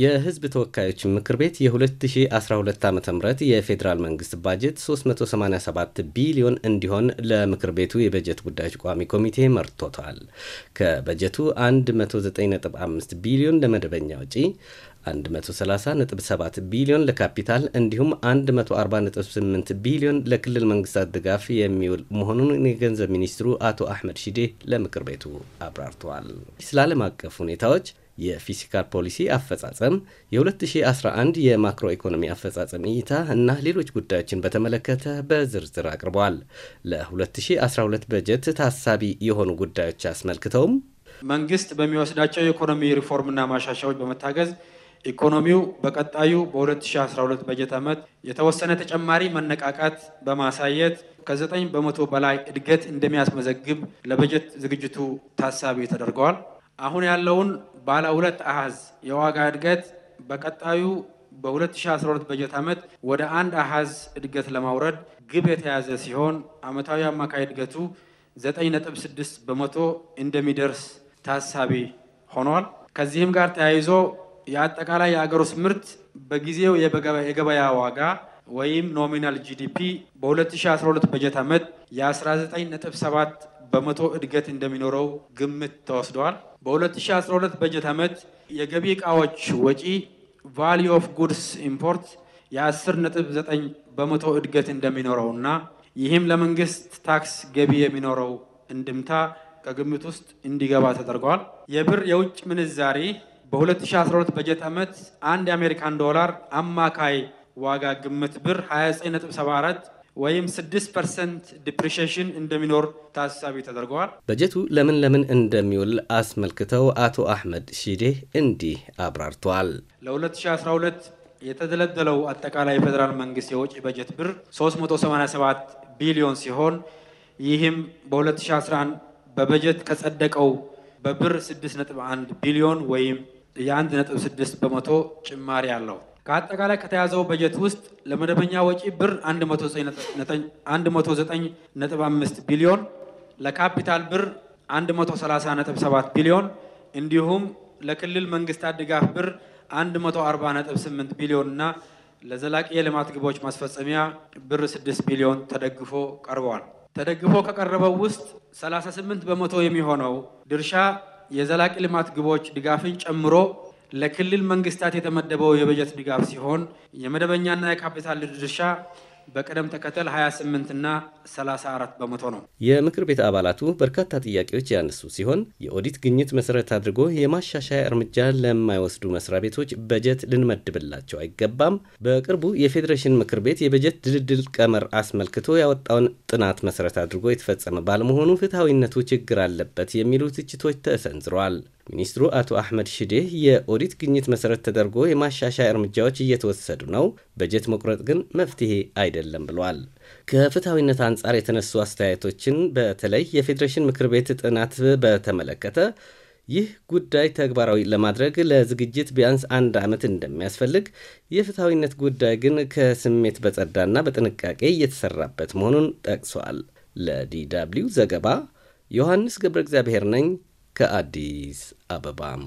የህዝብ ተወካዮች ምክር ቤት የ2012 ዓ ም የፌዴራል መንግስት ባጀት 387 ቢሊዮን እንዲሆን ለምክር ቤቱ የበጀት ጉዳዮች ቋሚ ኮሚቴ መርቶታል። ከበጀቱ 195 ቢሊዮን ለመደበኛ ወጪ 137 ቢሊዮን ለካፒታል እንዲሁም 148 ቢሊዮን ለክልል መንግስታት ድጋፍ የሚውል መሆኑን የገንዘብ ሚኒስትሩ አቶ አህመድ ሺዴ ለምክር ቤቱ አብራርተዋል። ስለ ዓለም አቀፍ ሁኔታዎች የፊስካል ፖሊሲ አፈጻጸም፣ የ2011 የማክሮ ኢኮኖሚ አፈጻጸም እይታ እና ሌሎች ጉዳዮችን በተመለከተ በዝርዝር አቅርበዋል። ለ2012 በጀት ታሳቢ የሆኑ ጉዳዮች አስመልክተውም መንግስት በሚወስዳቸው የኢኮኖሚ ሪፎርምና ማሻሻዎች በመታገዝ ኢኮኖሚው በቀጣዩ በ2012 በጀት ዓመት የተወሰነ ተጨማሪ መነቃቃት በማሳየት ከ9 በመቶ በላይ እድገት እንደሚያስመዘግብ ለበጀት ዝግጅቱ ታሳቢ ተደርገዋል። አሁን ያለውን ባለ ሁለት አሃዝ የዋጋ እድገት በቀጣዩ በ2012 በጀት ዓመት ወደ አንድ አሃዝ እድገት ለማውረድ ግብ የተያዘ ሲሆን ዓመታዊ አማካይ እድገቱ 9.6 በመቶ እንደሚደርስ ታሳቢ ሆኗል። ከዚህም ጋር ተያይዞ የአጠቃላይ የአገር ውስጥ ምርት በጊዜው የገበያ ዋጋ ወይም ኖሚናል ጂዲፒ በ2012 በጀት ዓመት የ19.7 በመቶ እድገት እንደሚኖረው ግምት ተወስደዋል። በ2012 በጀት ዓመት የገቢ ዕቃዎች ወጪ ቫሊ ኦፍ ጉድስ ኢምፖርት የ10.9 በመቶ እድገት እንደሚኖረው እና ይህም ለመንግስት ታክስ ገቢ የሚኖረው እንድምታ ከግምት ውስጥ እንዲገባ ተደርገዋል። የብር የውጭ ምንዛሪ በ2012 በጀት ዓመት አንድ የአሜሪካን ዶላር አማካይ ዋጋ ግምት ብር 29.74 ወይም 6% ዲፕሪሺየሽን እንደሚኖር ታሳቢ ተደርገዋል። በጀቱ ለምን ለምን እንደሚውል አስመልክተው አቶ አህመድ ሺዴ እንዲህ አብራርተዋል። ለ2012 የተደለደለው አጠቃላይ የፌዴራል መንግስት የውጭ በጀት ብር 387 ቢሊዮን ሲሆን ይህም በ2011 በበጀት ከጸደቀው በብር 6.1 ቢሊዮን ወይም የ1.6 በመቶ ጭማሪ አለው። ከአጠቃላይ ከተያዘው በጀት ውስጥ ለመደበኛ ወጪ ብር 109.5 ቢሊዮን፣ ለካፒታል ብር 130.7 ቢሊዮን እንዲሁም ለክልል መንግስታት ድጋፍ ብር 140.8 ቢሊዮን እና ለዘላቂ የልማት ግቦች ማስፈጸሚያ ብር 6 ቢሊዮን ተደግፎ ቀርበዋል። ተደግፎ ከቀረበው ውስጥ 38 በመቶ የሚሆነው ድርሻ የዘላቂ ልማት ግቦች ድጋፍን ጨምሮ ለክልል መንግስታት የተመደበው የበጀት ድጋፍ ሲሆን የመደበኛና የካፒታል ድርሻ በቅደም ተከተል 28 እና 34 በመቶ ነው። የምክር ቤት አባላቱ በርካታ ጥያቄዎች ያነሱ ሲሆን የኦዲት ግኝት መሰረት አድርጎ የማሻሻያ እርምጃ ለማይወስዱ መስሪያ ቤቶች በጀት ልንመድብላቸው አይገባም፣ በቅርቡ የፌዴሬሽን ምክር ቤት የበጀት ድልድል ቀመር አስመልክቶ ያወጣውን ጥናት መሰረት አድርጎ የተፈጸመ ባለመሆኑ ፍትሐዊነቱ ችግር አለበት የሚሉ ትችቶች ተሰንዝረዋል። ሚኒስትሩ አቶ አህመድ ሽዴህ የኦዲት ግኝት መሰረት ተደርጎ የማሻሻያ እርምጃዎች እየተወሰዱ ነው፣ በጀት መቁረጥ ግን መፍትሄ አይደለም ብለል። ከፍትሐዊነት አንጻር የተነሱ አስተያየቶችን በተለይ የፌዴሬሽን ምክር ቤት ጥናት በተመለከተ ይህ ጉዳይ ተግባራዊ ለማድረግ ለዝግጅት ቢያንስ አንድ ዓመት እንደሚያስፈልግ፣ የፍትሐዊነት ጉዳይ ግን ከስሜት በጸዳና በጥንቃቄ እየተሰራበት መሆኑን ጠቅሷል። ለዲ ደብልዩ ዘገባ ዮሐንስ ገብረ እግዚአብሔር ነኝ ከአዲስ አበባም